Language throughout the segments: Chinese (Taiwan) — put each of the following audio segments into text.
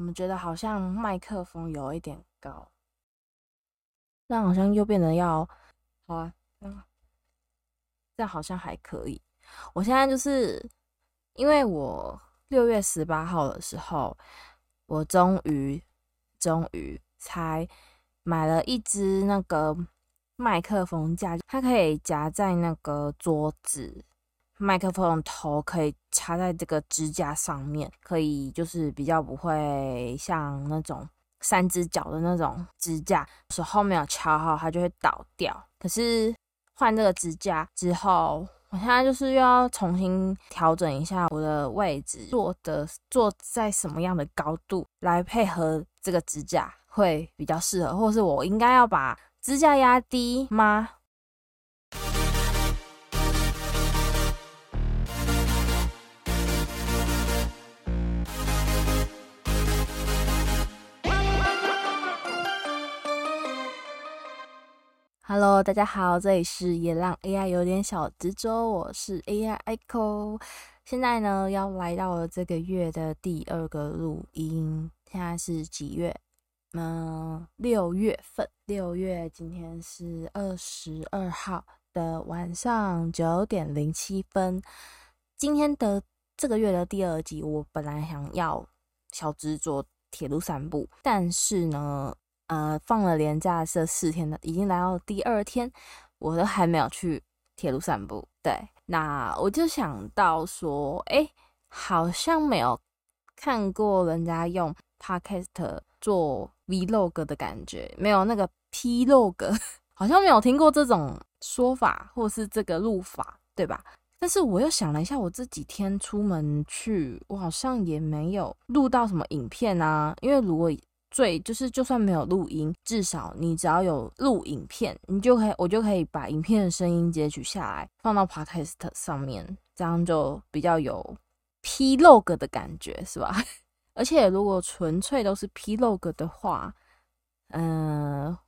我們覺得好像麥克風有一點高，那好像又變得要好啊。這樣，嗯，好像還可以。我現在就是因為我六月十八號的時候，我終於終於才買了一隻那個麥克風架，它可以夾在那個桌子。麥克風頭可以插在這個支架上面，可以就是比較不會像那種三隻腳的那種支架，手後面沒有敲好它就會倒掉。可是換這個支架之後，我現在就是又要重新調整一下我的位置，坐的坐在什麼樣的高度來配合這個支架會比較適合，或是我應該要把支架壓低嗎？Hello，大家好，這裡是野浪 AI 有點小執着，我是 AI Echo。現在呢，要來到了這個月的第二個錄音。現在是幾月？嗯、呃，六月份。六月今天是二十二號的晚上九點零七分。今天的這個月的第二集，我本來想要小執着鐵路散步，但是呢，呃，放了連假這四天呢，已經來到第二天，我都還沒有去鐵路散步。對，那我就想到說，哎、欸，好像沒有看過人家用 Podcast 做 Vlog 的感覺，沒有那個 Plog，好像沒有聽過這種說法，或是這個錄法，對吧？但是我又想了一下，我這幾天出門去，我好像也沒有錄到什麼影片啊，因為如果。對，就是就算沒有錄音，至少你只要有錄影片，你就可以，我就可以把影片的聲音截取下來，放到 podcast 上面，這樣就比較有 Plog 的感覺，是吧？而且如果純粹都是 Plog 的話，嗯、呃，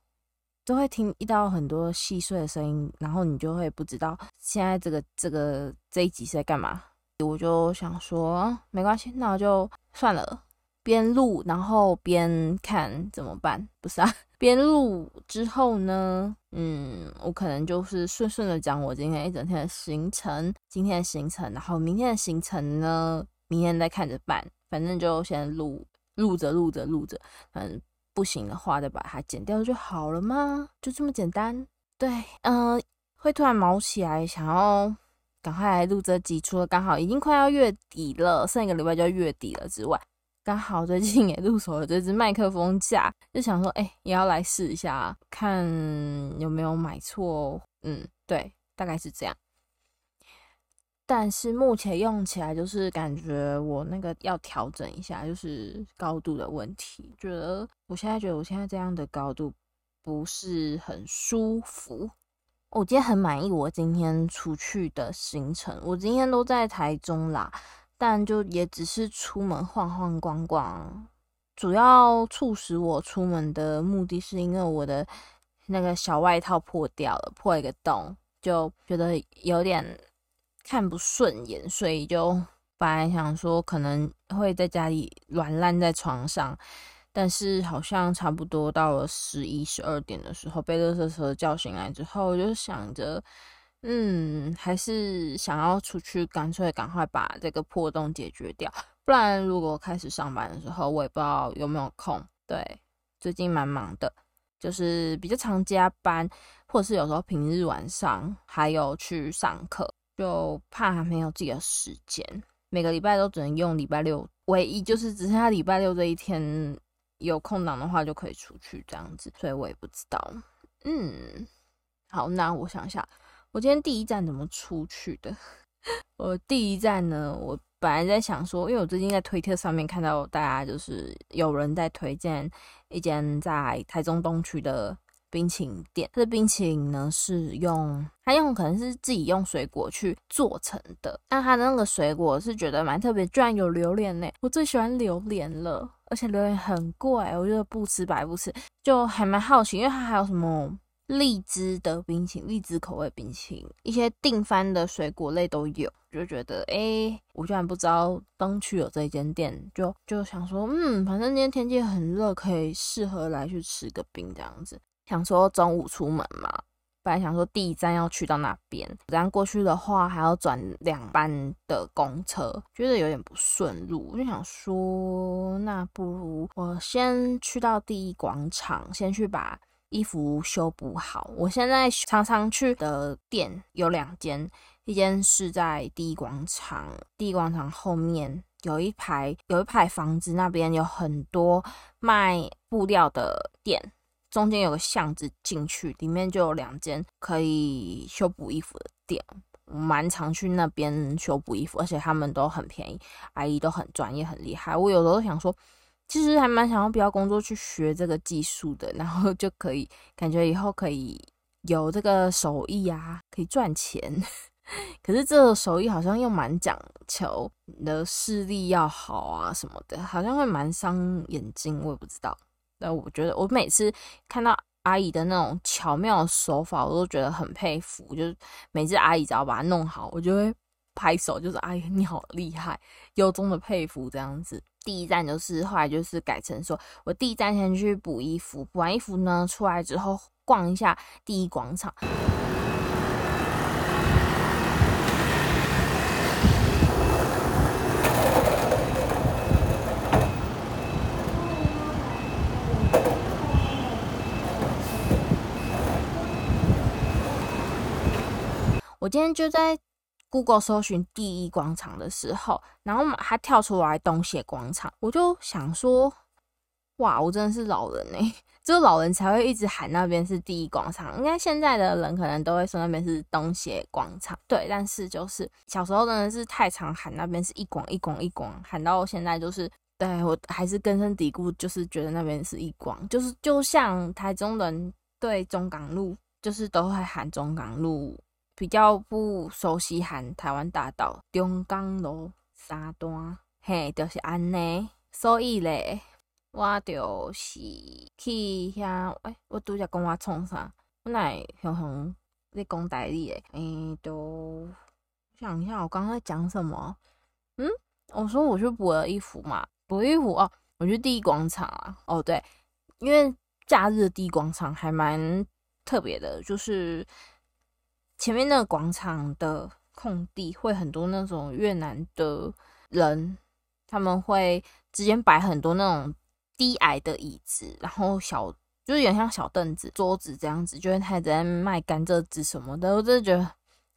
都會聽一道很多細碎的聲音，然後你就會不知道現在這個這個這一集是在幹嘛。我就想說，嗯、沒關係，那我就算了。邊錄然後邊看怎麼辦？不是啊，邊錄之後呢，嗯，我可能就是順順的講我今天一整天的行程，今天的行程，然後明天的行程呢，明天再看着辦。反正就先錄，錄着錄着錄着，嗯，反正不行的話再把它剪掉就好了嘛？就這麼簡單。對，嗯、呃，會突然毛起來，想要趕快來錄這集，除了剛好已經快要月底了，剩一個禮拜就要月底了之外。剛好最近也入手了這只麥克風架，就想說，欸，也要來試一下，看有沒有買錯哦。嗯，對，大概是這樣。但是目前用起來就是感覺我那個要調整一下，就是高度的問題。覺得我現在覺得我現在這樣的高度不是很舒服。我今天很滿意我今天出去的行程，我今天都在台中啦。但就也只是出門晃晃逛逛，主要促使我出門的目的，是因為我的那個小外套破掉了，破一個洞，就覺得有點看不順眼，所以就本來想說可能會在家裡軟爛在床上，但是好像差不多到了十一十二點的時候，被垃圾車叫醒來之後，我就想着，嗯，還是想要出去，乾脆趕快把這個破洞解決掉。不然，如果開始上班的時候，我也不知道有沒有空。對，最近蠻忙的，就是比較常加班，或者是有時候平日晚上還有去上課，就怕還沒有自己的時間。每個禮拜都只能用禮拜六，唯一就是只剩下禮拜六這一天有空檔的話，就可以出去這樣子。所以我也不知道。嗯，好，那我想一下。我今天第一站怎麼出去的？ 我第一站呢？我本來在想說，因為我最近在推特上面看到大家就是有人在推薦一間在台中東區的冰淇淋店，它的冰淇淋呢是用他用可能是自己用水果去做成的，但他的那個水果是覺得蠻特別，居然有榴蓮呢、欸！我最喜歡榴蓮了，而且榴蓮很貴，我覺得不吃白不吃，就還蠻好奇，因為他還有什麼？荔枝的冰淇淋，荔枝口味冰淇淋，一些定番的水果類都有，就覺得誒、欸，我居然不知道東區有這一間店，就就想說，嗯，反正今天天氣很熱，可以適合來去吃個冰這樣子。想說中午出門嘛，本來想說第一站要去到那邊，不然過去的話還要轉兩班的公車，覺得有點不順路，就想說，那不如我先去到第一廣場，先去把衣服修補好，我現在常常去的店有兩間，一間是在第一廣場，第一廣場後面有一排有一排房子，那邊有很多賣布料的店，中間有個巷子進去，裡面就有兩間可以修補衣服的店，我蠻常去那邊修補衣服，而且他們都很便宜，阿姨都很專業很厲害，我有時候都想說。其實還蠻想要不要工作去學這個技術的，然後就可以感覺以後可以有這個手藝啊，可以賺錢。 可是這個手藝好像又蠻講求你的視力要好啊什麼的，好像會蠻傷眼睛，我也不知道。但我覺得我每次看到阿姨的那種巧妙的手法，我都覺得很佩服。就是每次阿姨只要把它弄好，我就會拍手，就是阿姨你好厲害，由衷的佩服這樣子。第一站就是，後來就是改成說，我第一站先去補衣服，補完衣服呢，出來之後逛一下第一廣場。我今天就在。Google 搜尋第一廣場的時候，然後嘛他跳出來東協廣場，我就想說，哇，我真的是老人哎、欸，只有老人才會一直喊那邊是第一廣場。應該現在的人可能都會說那邊是東協廣場，對。但是就是小時候真的是太常喊那邊是一廣一廣一廣，喊到現在就是對我還是根深蒂固，就是覺得那邊是一廣，就是就像台中人對中港路，就是都會喊中港路。比較不熟悉，喊台灣大道中港路三段，嘿，就是安尼。所以嘞，我就是去遐。誒、欸，我拄則講我創啥？我來雄雄你講台語誒。嗯、欸，都想一下我剛在講什麼？嗯，我說我去補了衣服嘛，補衣服哦，我去第一廣場啊。哦，對，因為假日的第一廣場還蠻特別的，就是。前面那個廣場的空地會很多那種越南的人，他們會直接擺很多那種低矮的椅子，然後小就是有點像小凳子、桌子這樣子，就是他還在賣甘蔗汁什麼的，我真的覺得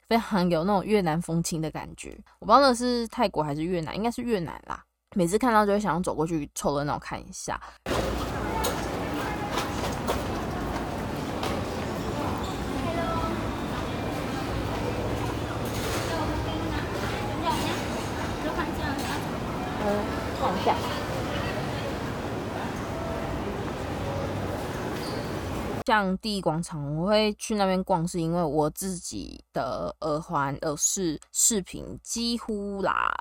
非常有那種越南風情的感覺。我不知道那是泰國還是越南，應該是越南啦。每次看到就會想要走過去湊熱鬧看一下。像第一廣場，我會去那邊逛，是因為我自己的耳環、耳飾、飾品幾乎啦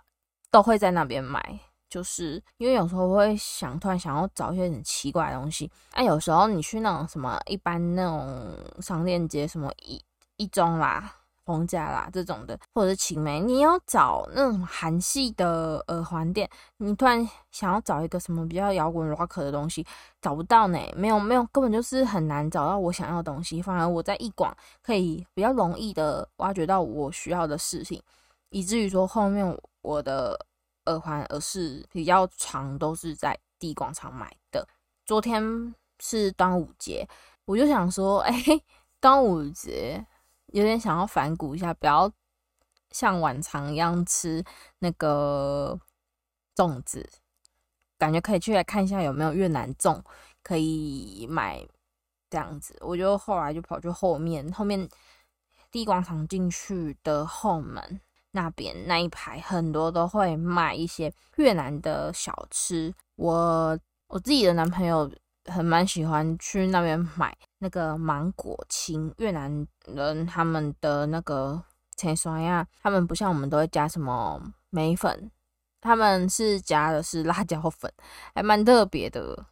都會在那邊買，就是因為有時候我會想突然想要找一些很奇怪的東西，啊。那有時候你去那種什麼一般那種商店街，什麼一一中啦。紅甲啦這種的，或者青梅，你要找那種韓系的耳環店，你突然想要找一個什麼比較搖滾 rock 的東西，找不到呢？沒有沒有，根本就是很難找到我想要的東西。反而我在一廣可以比較容易的挖掘到我需要的事情，以至於說後面我的耳環耳飾比較長，都是在一廣場買的。昨天是端午節，我就想說，哎、欸，端午節。有點想要反骨一下，不要像往常一樣吃那個粽子，感覺可以去來看一下有沒有越南粽可以買這樣子。我就後來就跑去後面，後面第一廣場進去的後門那邊那一排，很多都會賣一些越南的小吃。我我自己的男朋友。很蠻喜歡去那邊買那個芒果青，越南人他們的那個青酸呀，他們不像我們都會加什麼梅粉，他們是加的是辣椒粉，還蠻特別的。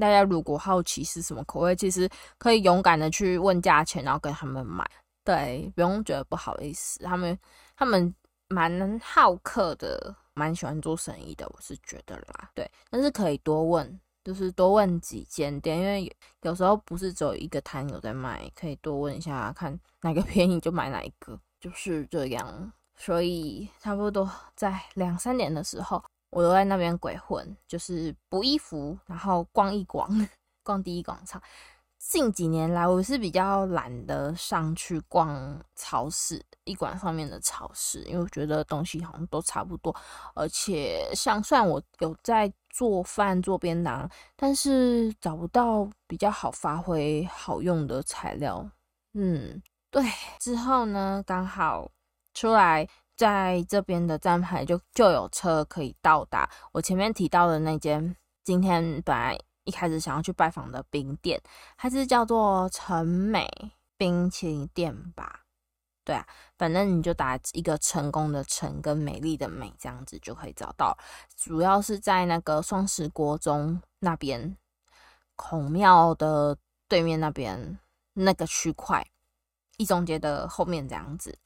大家如果好奇是什麼口味，其實可以勇敢的去問價錢，然後跟他們買，對，不用覺得不好意思。他們他們蠻好客的，蠻喜歡做生意的，我是覺得啦，對，但是可以多問。就是多問幾間店，因為有時候不是只有一個攤有在賣，可以多問一下，看哪個便宜就買哪一個，就是這樣。所以差不多在兩三點的時候，我都在那邊鬼混，就是補衣服，然後逛一逛，逛第一廣場。近幾年來，我是比較懶得上去逛超市，一館上面的超市，因為我覺得東西好像都差不多，而且像算我有在。做飯做便當，但是找不到比較好發揮、好用的材料。嗯，對。之後呢，剛好出來在這邊的站牌就就有車可以到達我前面提到的那間，今天本來一開始想要去拜訪的冰店，它是叫做成美冰淇淋店吧。對啊，反正你就打一個成功的成跟美麗的美這樣子就可以找到。主要是在那個雙十國中那邊，孔廟的對面那邊那個區塊，一中街的後面這樣子。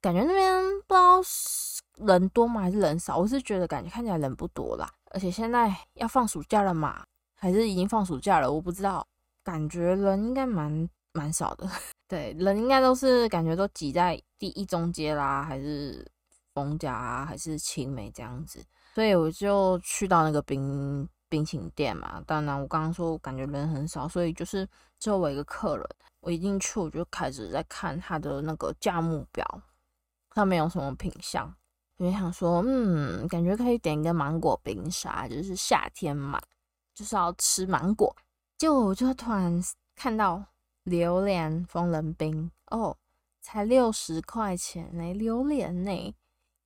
感覺那邊不知道人多嗎，還是人少，我是覺得感覺看起來人不多啦。而且現在要放暑假了嘛，還是已經放暑假了，我不知道。感覺人應該蠻。蠻少的，對，人應該都是感覺都擠在第一中街啦，還是逢甲啊，還是青梅這樣子，所以我就去到那個冰冰淇淋店嘛。當然，我剛剛說我感覺人很少，所以就是作為我一個客人，我一進去我就開始在看他的那個價目表，上面有什麼品項，我就想說，嗯，感覺可以點一個芒果冰沙，就是夏天嘛，就是要吃芒果。結果我就突然看到。榴蓮豐仁冰哦，oh, 才六十塊錢嘞、欸！榴蓮呢、欸？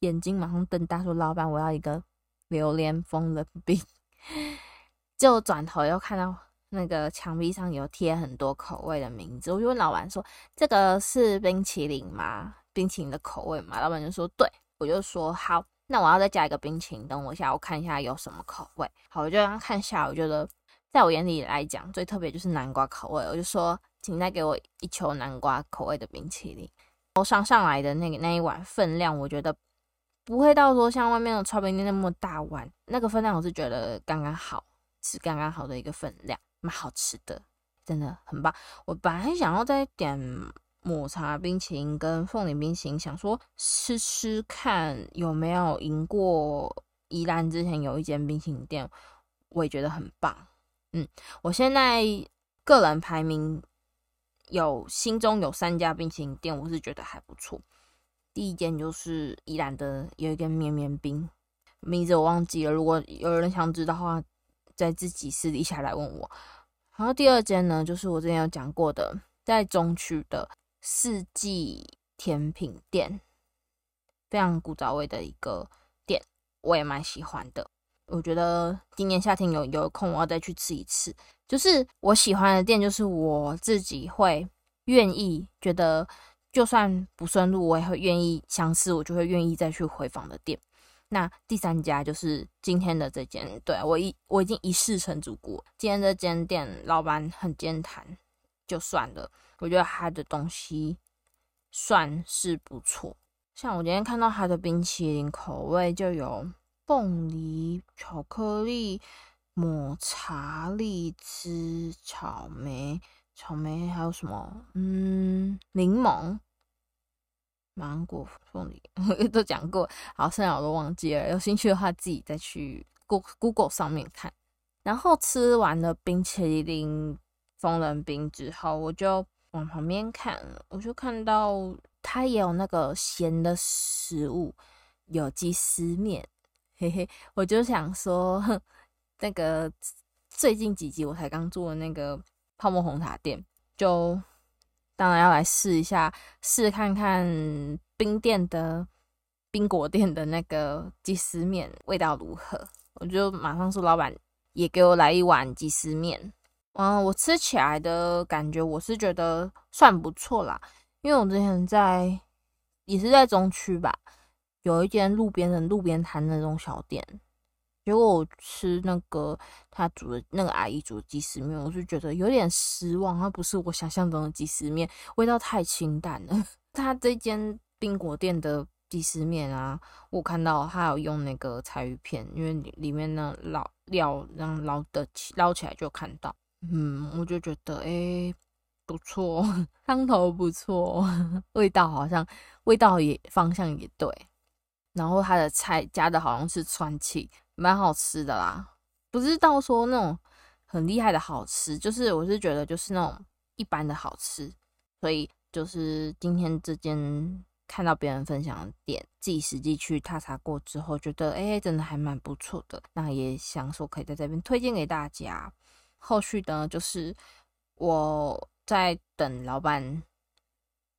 眼睛馬上瞪大，說：“老板，我要一個榴蓮豐仁冰。 ”就轉頭又看到那個牆壁上有貼很多口味的名字，我就問老板說：“這個是冰淇淋嗎？冰淇淋的口味嘛？”老板就說：“對。”我就說：“好，那我要再加一個冰淇淋。等我一下，我看一下有什麼口味。”好，我就讓他看一下，我覺得在我眼裡來講，最特別就是南瓜口味。我就說。請再給我一球南瓜口味的冰淇淋。樓上上來的那個那一碗分量，我覺得不會到說像外面的超冰那麼大碗，那個分量我是覺得剛剛好，是剛剛好的一個分量，蠻好吃的，真的很棒。我本來想要再點抹茶冰淇淋跟鳳梨冰淇淋，想說吃吃看有沒有贏過宜蘭之前有一間冰淇淋店，我也覺得很棒。嗯，我現在個人排名。有心中有三家冰淇淋店，我是覺得還不錯。第一間就是宜蘭的有一間綿綿冰，名字我忘記了，如果有人想知道的話，在自己私底下來問我。然後第二間呢，就是我之前有講過的在中區的四季甜品店，非常古早味的一個店，我也蠻喜歡的。我覺得今年夏天有有空，我要再去吃一次。就是我喜歡的店，就是我自己會願意覺得，就算不順路，我也會願意嘗試，我就會願意再去回訪的店。那第三家就是今天的這間，對、啊、我已我已經一試成主顧。今天這間店老板很健談，就算了，我覺得他的東西算是不錯。像我今天看到他的冰淇淋口味就有。鳳梨、巧克力、抹茶、荔枝、草莓、草莓還有什麼？嗯，檸檬、芒果、鳳梨，我都講過。好，剩下我都忘記了。有興趣的話，自己再去 Go, Google 上面看。然後吃完了冰淇淋、豐仁冰之後，我就往旁邊看，我就看到它也有那個鹹的食物，有雞絲麵。嘿嘿，我就想說，哼，那個最近幾集我才剛做的那個泡沫紅茶店，就當然要來試一下，試看看冰店的冰果店的那個雞絲面味道如何。我就馬上說，老板也給我來一碗雞絲面。嗯，我吃起來的感覺，我是覺得算不錯啦，因為我之前在也是在中區吧。有一間路邊的路邊攤那種小店，結果我吃那個他煮的那個阿姨煮的雞絲麵，我就覺得有點失望，它不是我想象中的雞絲麵，味道太清淡了。 他這間冰果店的雞絲麵啊，我看到他有用那個柴魚片，因為裡面呢，老料然後撈的撈起來就看到，嗯，我就覺得哎、欸、不錯，湯頭不錯， 味道好像味道也方向也對。然後他的菜加的好像是川崎，蠻好吃的啦。不知道說那種很厲害的好吃，就是我是覺得就是那種一般的好吃。所以就是今天這間看到別人分享的店，自己實際去踏查過之後，覺得誒、欸、真的還蠻不錯的。那也想說可以在這邊推薦給大家。後續呢，就是我在等老闆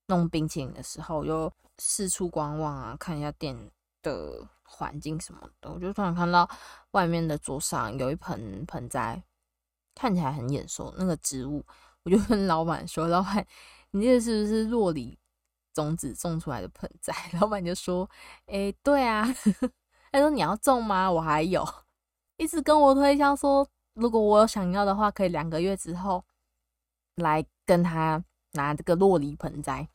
弄冰淇淋的時候，又四處觀望啊，看一下店。的環境什麼的，我就突然看到外面的桌上有一盆盆栽，看起來很眼熟。那個植物，我就跟老闆說：“老闆，你這個是不是酪梨種子種出來的盆栽？”老闆就說：“誒、欸，對啊。 ”他說：“你要種嗎？我還有，一直跟我推銷說，如果我有想要的話，可以兩個月之後來跟他拿這個酪梨盆栽，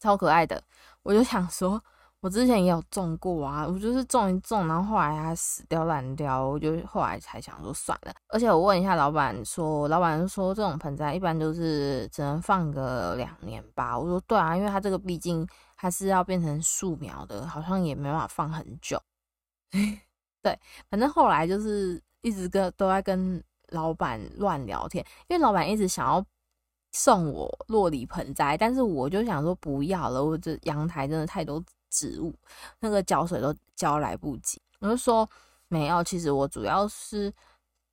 超可愛的。”我就想說。我之前也有種過啊，我就是種一種，然後後來它死掉爛掉，我就後來才想說算了。而且我問一下老板說，老板說這種盆栽一般都是只能放個兩年吧？我說對啊，因為它這個畢竟還是要變成樹苗的，好像也沒辦法放很久。 對，反正後來就是一直跟，都在跟老板亂聊天，因為老板一直想要送我酪梨盆栽，但是我就想說不要了，我這陽台真的太多。植物那個澆水都澆來不及，我就說沒有。其實我主要是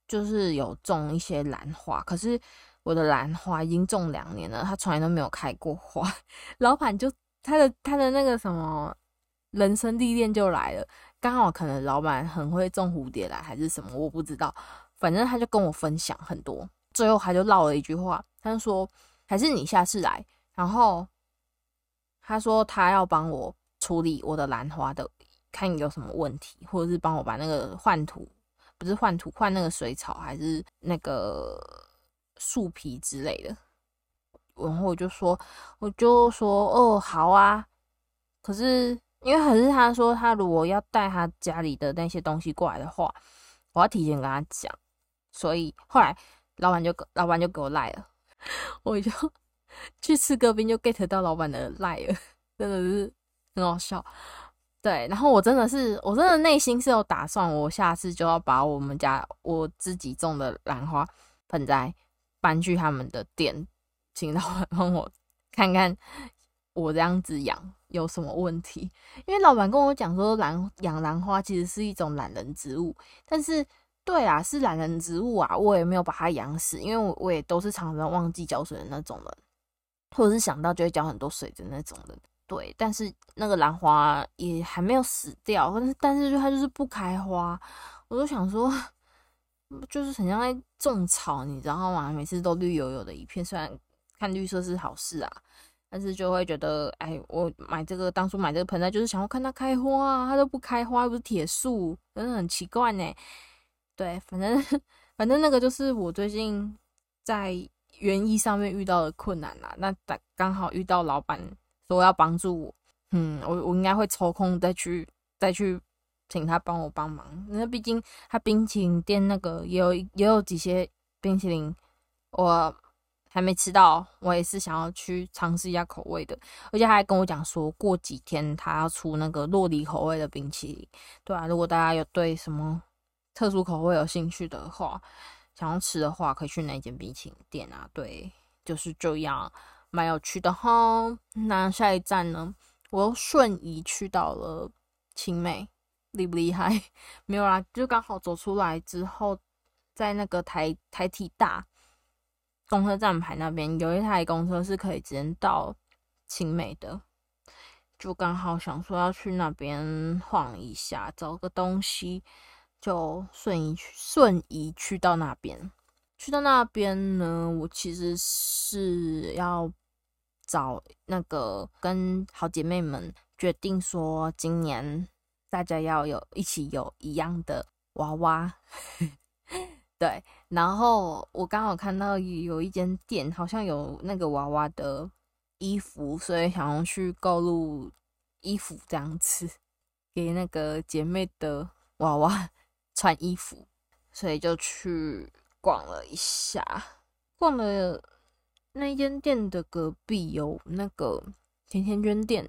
就是有種一些蘭花，可是我的蘭花已經種兩年了，它從來都沒有開過花。老闆就他的他的那個什麼人生歷練就來了，剛好可能老闆很會種蝴蝶蘭還是什麼，我不知道。反正他就跟我分享很多，最後他就嘮了一句話，他就說還是你下次來，然後他說他要幫我。處理我的蘭花的，看有什麼問題，或者是幫我把那個換土，不是換土換那個水草，還是那個樹皮之類的。然後我就說，我就說，哦，好啊。可是因為還是他說，他如果要帶他家裡的那些東西過來的話，我要提前跟他講。所以後來老板就老板就給我賴了，我就去吃個冰就 get 到老板的賴了，真的是。很好笑，對。然後我真的是，我真的內心是有打算，我下次就要把我們家我自己種的蘭花盆栽搬去他們的店，請老板幫我看看我這樣子養有什麼問題。因為老板跟我講說蘭，蘭養蘭花其實是一種懶人植物，但是對啊，是懶人植物啊，我也沒有把它養死，因為我我也都是常常忘記澆水的那種人，或者是想到就會澆很多水的那種人。對，但是那個蘭花也還沒有死掉，但是但是就它就是不開花，我都想說，就是很像在種草，你知道嗎？每次都綠油油的一片，雖然看綠色是好事啊，但是就會覺得，哎，我買這個當初買這個盆栽就是想要看它開花啊，它都不開花，又不是鐵樹，真的很奇怪呢。對，反正反正那個就是我最近在園藝上面遇到的困難啦、啊。那打剛好遇到老闆，說要幫助我，嗯，我我應該會抽空再去再去請他幫我幫忙。那畢竟他冰淇淋店那個也有也有幾些冰淇淋我還沒吃到，我也是想要去嘗試一下口味的。而且他還跟我講說，過幾天他要出那個酪梨口味的冰淇淋。對啊，如果大家有對什麼特殊口味有興趣的話，想要吃的話可以去那間冰淇淋店啊。對，就是這樣。蠻有趣的哈、哦，那下一站呢？我又瞬移去到了成美，厲不厲害？沒有啦，就剛好走出來之後，在那個台台體大公車站牌那邊有一台公車是可以直接到成美的，就剛好想說要去那邊晃一下，找個東西，就瞬移瞬移去到那邊。去到那邊呢，我其實是要。找那個跟好姐妹們決定說，今年大家要有一起有一樣的娃娃，對。然後我剛好看到有一間店好像有那個娃娃的衣服，所以想要去購入衣服，這樣子，給那個姐妹的娃娃穿衣服，所以就去逛了一下，逛了。那一間店的隔壁有那個甜甜圈店，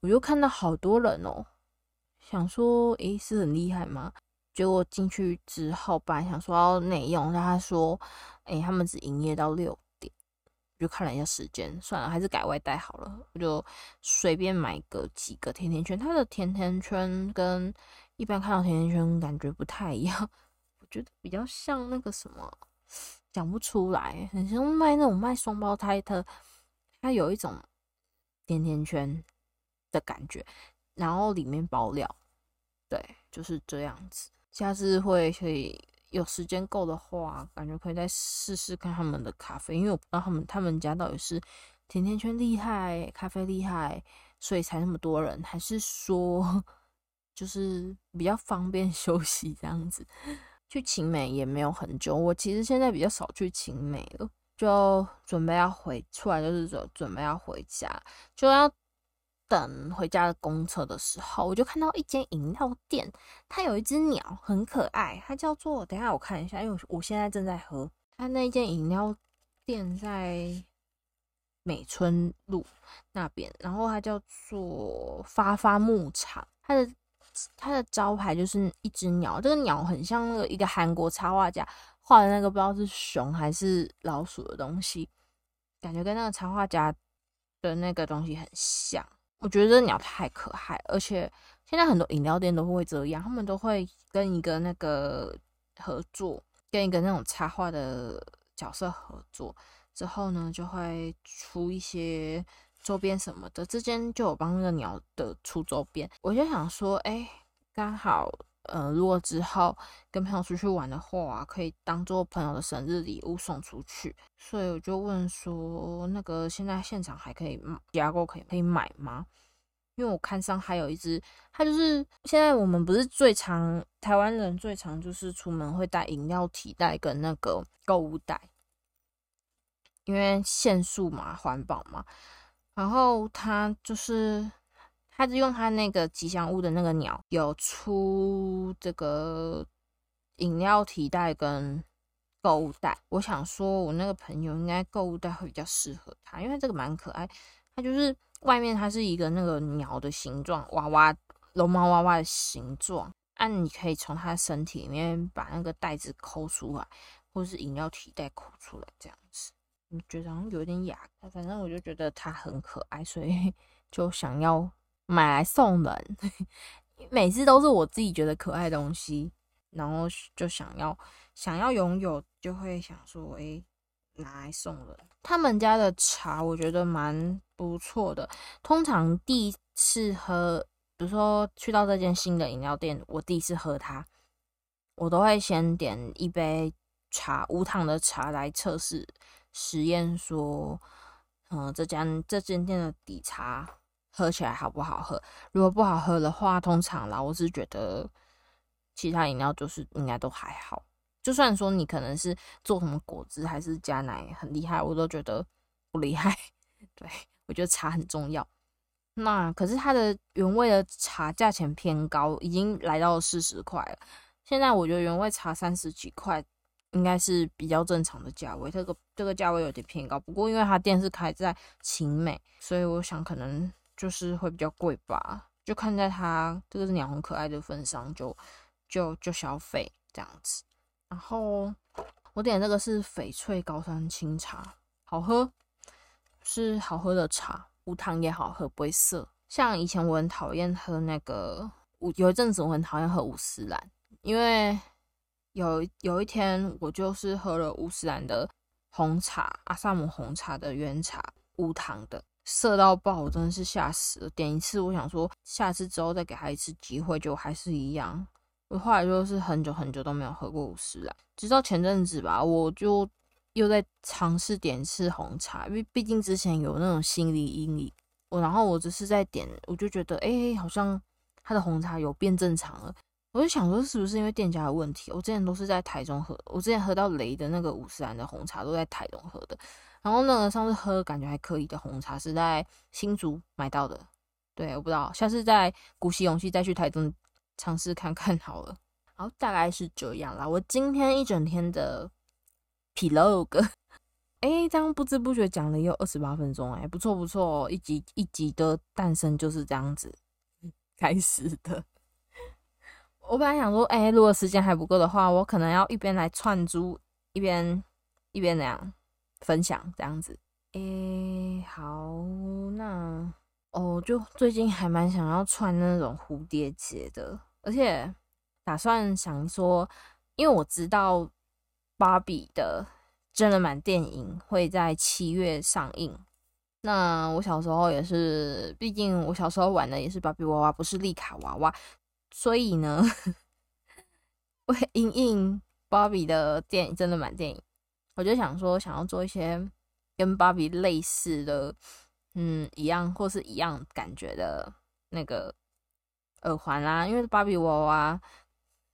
我就看到好多人哦，想說，誒是很厲害嗎？結果進去之後，本來想說要內用，但他說誒他們只營業到六點，我就看了一下時間，算了，還是改外帶好了，我就隨便買個幾個甜甜圈。它的甜甜圈跟一般看到甜甜圈感覺不太一樣，我覺得比較像那個什麼。想不出來，很像賣那種賣雙胞胎的，它有一種甜甜圈的感覺，然後裡面包料，對，就是這樣子。下次會可以有時間夠的話，感覺可以再試試看他們的咖啡，因為我不知道他們他們家到底是甜甜圈厲害，咖啡厲害，所以才那麼多人，還是說就是比較方便休息這樣子。去成美也沒有很久，我其實現在比較少去成美了，就準備要回，出來就是準準備要回家，就要等回家的公車的時候，我就看到一間飲料店，它有一隻鳥很可愛，它叫做，等一下我看一下，因為我現在正在喝，它那間飲料店在美村路那邊，然後它叫做發發牧場，它的。它的招牌就是一隻鳥，這個鳥很像那個一個韓國插畫家畫的那個不知道是熊還是老鼠的東西，感覺跟那個插畫家的那個東西很像。我覺得這個鳥太可愛，而且現在很多飲料店都會這樣，他們都會跟一個那個合作，跟一個那種插畫的角色合作之後呢，就會出一些。周邊什麼的，之間就有幫那個鳥的出周邊，我就想說，哎、欸，剛好，呃如果之後跟朋友出去玩的話，可以當做朋友的生日禮物送出去。所以我就問說，那個現在現場還可以加購，夾可以可以買嗎？因為我看上還有一只，它就是現在我們不是最常台灣人最常就是出門會帶飲料提袋跟那個購物袋，因為限塑嘛，環保嘛。然後他就是，他是用他那個吉祥物的那個鳥，有出這個飲料提袋跟購物袋。我想說，我那個朋友應該購物袋會比較適合他，因為這個蠻可愛。它就是外面它是一個那個鳥的形狀娃娃，龍貓娃娃的形狀，按、啊、你可以從它身體裡面把那個袋子摳出來，或是飲料提袋摳出來這樣子。我覺得好像有點雅，反正我就覺得它很可愛，所以就想要買來送人。每次都是我自己覺得可愛的東西，然後就想要想要擁有，就會想說，誒，拿來送人。他們家的茶我覺得蠻不錯的。通常第一次喝，比如說去到這間新的飲料店，我第一次喝它，我都會先點一杯茶無糖的茶來測試。實驗說，嗯，這家這間店的底茶喝起來好不好喝？如果不好喝的話，通常啦，我是覺得其他飲料就是應該都還好。就算說你可能是做什麼果汁還是加奶很厲害，我都覺得不厲害。對，我覺得茶很重要。那可是它的原味的茶價錢偏高，已經來到了四十塊了。現在我覺得原味茶三十幾塊。應該是比較正常的價位，這個這個價位有點偏高。不過因為它店是開在勤美，所以我想可能就是會比較貴吧。就看在它這個是鳥很可愛的份上就，就就就消費這樣子。然後我點這個是翡翠高山青茶，好喝，是好喝的茶，無糖也好喝，不會澀。像以前我很討厭喝那個，我有一陣子我很討厭喝烏斯蘭，因為。有有一天，我就是喝了五十嵐的紅茶，阿薩姆紅茶的原茶，無糖的，澀到爆，我真的是嚇死了。點一次，我想說下次之後再給他一次機會，就還是一樣。我後來就是很久很久都沒有喝過五十嵐，直到前陣子吧，我就又在嘗試點一次紅茶，因為畢竟之前有那種心理陰影，我然後我只是在點，我就覺得誒、欸、好像它的紅茶有變正常了。我就想說，是不是因為店家的問題？我之前都是在台中喝的，我之前喝到雷的那個五十嵐的紅茶，都在台中喝的。然後呢，上次喝的感覺還可以的紅茶，是在新竹買到的。對，我不知道，下次再鼓起勇氣再去台中嘗試看看好了。好，大概是這樣啦。我今天一整天的 Plog，哎，這樣、欸、不知不覺講了也有二十八分鐘，哎，不錯不錯、喔，一集一集的誕生就是這樣子開始的。我本來想說，誒、欸、如果時間還不夠的話，我可能要一邊來串珠，一邊一邊那樣分享這樣子。誒、欸、好，那哦，就最近還蠻想要串那種蝴蝶結的，而且打算想說，因為我知道芭比的真人版電影會在七月上映。那我小時候也是，畢竟我小時候玩的也是芭比娃娃，不是莉卡娃娃。所以呢，我因為因應芭比的電影真的蠻電影，我就想說想要做一些跟芭比類似的，嗯，一樣或是一樣感覺的那個耳環啦、啊。因為芭比娃娃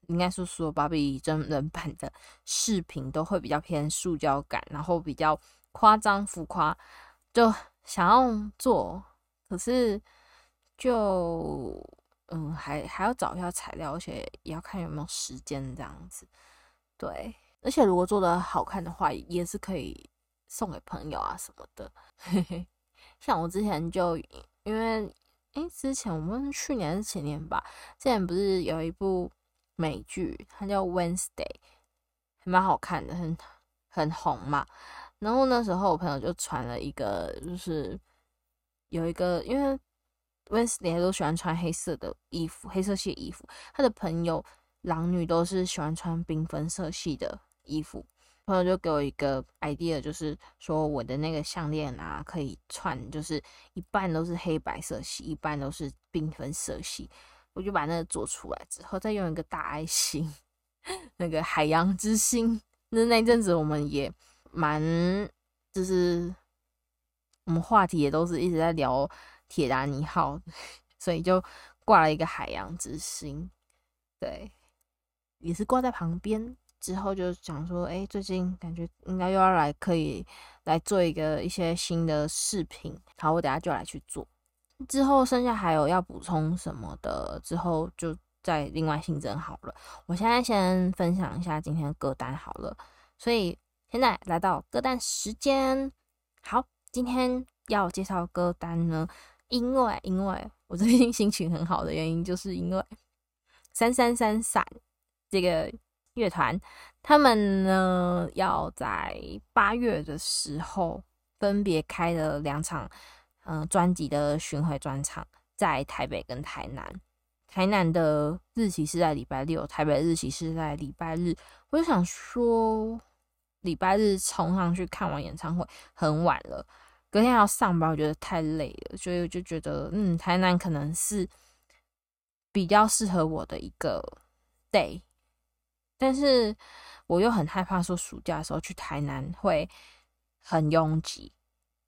應該是說芭比真人版的飾品都會比較偏塑膠感，然後比較誇張浮誇，就想要做，可是就。嗯，還還要找一下材料，而且也要看有沒有時間這樣子。對，而且如果做得好看的話，也是可以送給朋友啊什麼的。嘿嘿，像我之前就因為哎、欸，之前我們去年還是前年吧，之前不是有一部美劇，它叫《Wednesday》，還蠻好看的，很很紅嘛。然後那時候我朋友就傳了一個，就是有一個因為。因為大家都喜歡穿黑色的衣服，黑色系的衣服。他的朋友狼女都是喜歡穿繽紛色系的衣服。朋友就給我一個 idea，就是說我的那個項鏈啊，可以串，就是一半都是黑白色系，一半都是繽紛色系。我就把那個做出來之後，再用一個大愛心，那個海洋之星。那那陣子我們也蠻，就是我們話題也都是一直在聊，鐵達尼號，所以就掛了一個海洋之心，對，也是掛在旁邊。之後就想說，哎、欸，最近感覺應該又要來，可以來做一個一些新的視頻。好，我等下就來去做。之後剩下還有要補充什麼的，之後就再另外新增好了。我現在先分享一下今天的歌單好了。所以現在來到歌單時間，好，今天要介紹歌單呢，因為，因為我最近心情很好的原因，就是因為閃閃閃閃這個樂團，他們呢，要在八月的時候分別開了兩場嗯、呃、專輯的巡迴專場，在台北跟台南。台南的日期是在禮拜六，台北日期是在禮拜日。我就想說，禮拜日衝上去看完演唱會，很晚了。隔天要上班，我覺得太累了，所以我就覺得，嗯，台南可能是比較適合我的一個 day，但是我又很害怕說暑假的時候去台南會很擁擠，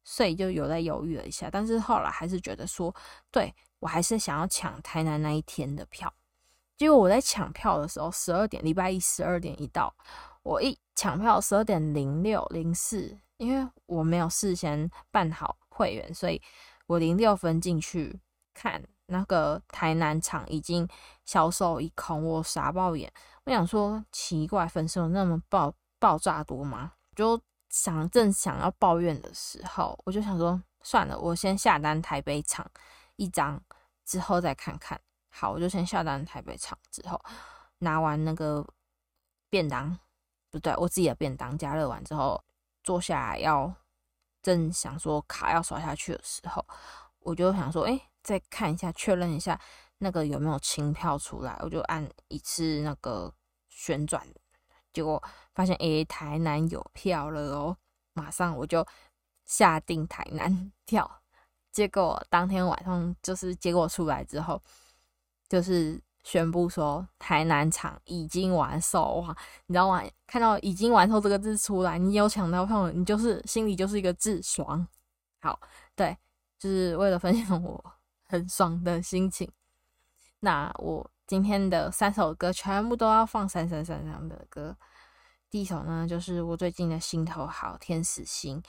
所以就有在猶豫了一下。但是後來還是覺得說，對，我還是想要搶台南那一天的票。結果我在搶票的時候，十二點，禮拜一十二點一到，我一搶票，十二點零六零四。因為我沒有事先辦好會員，所以我零六分進去看那個台南場已經銷售一空，我傻爆眼。我想說奇怪，粉絲有那麼爆爆炸多嗎？就想正想要抱怨的時候，我就想說算了，我先下單台北場一張，之後再看看。好，我就先下單台北場，之後拿完那個便當，不對，我自己的便當加熱完之後。坐下來要正想說卡要刷下去的時候，我就想說，哎、欸，再看一下，確認一下那個有沒有清票出來，我就按一次那個旋轉，結果發現哎、欸，台南有票了哦、喔，馬上我就下定台南票，結果當天晚上就是結果出來之後，就是。宣布說台南場已經完售哇！你知道嗎？看到已經完售這個字出來，你有搶到票，你就是心裡就是一個字爽。好，對，就是為了分享我很爽的心情。那我今天的三首歌全部都要放閃閃閃閃的歌。第一首呢，就是我最近的心頭好《天使心》。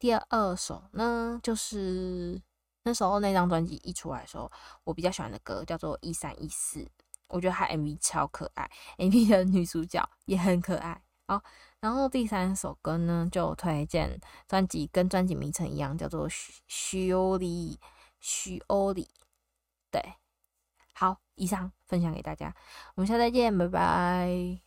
第二首呢，就是那時候那張專輯一出來的時候，我比較喜歡的歌叫做《一三一四》。我覺得他 MV 超可愛，MV 的女主角也很可愛。好，然後第三首歌呢，就推薦專輯跟專輯名稱一樣，叫做《Shiori》，Shiori。對，好，以上分享給大家，我們下次再見，拜拜。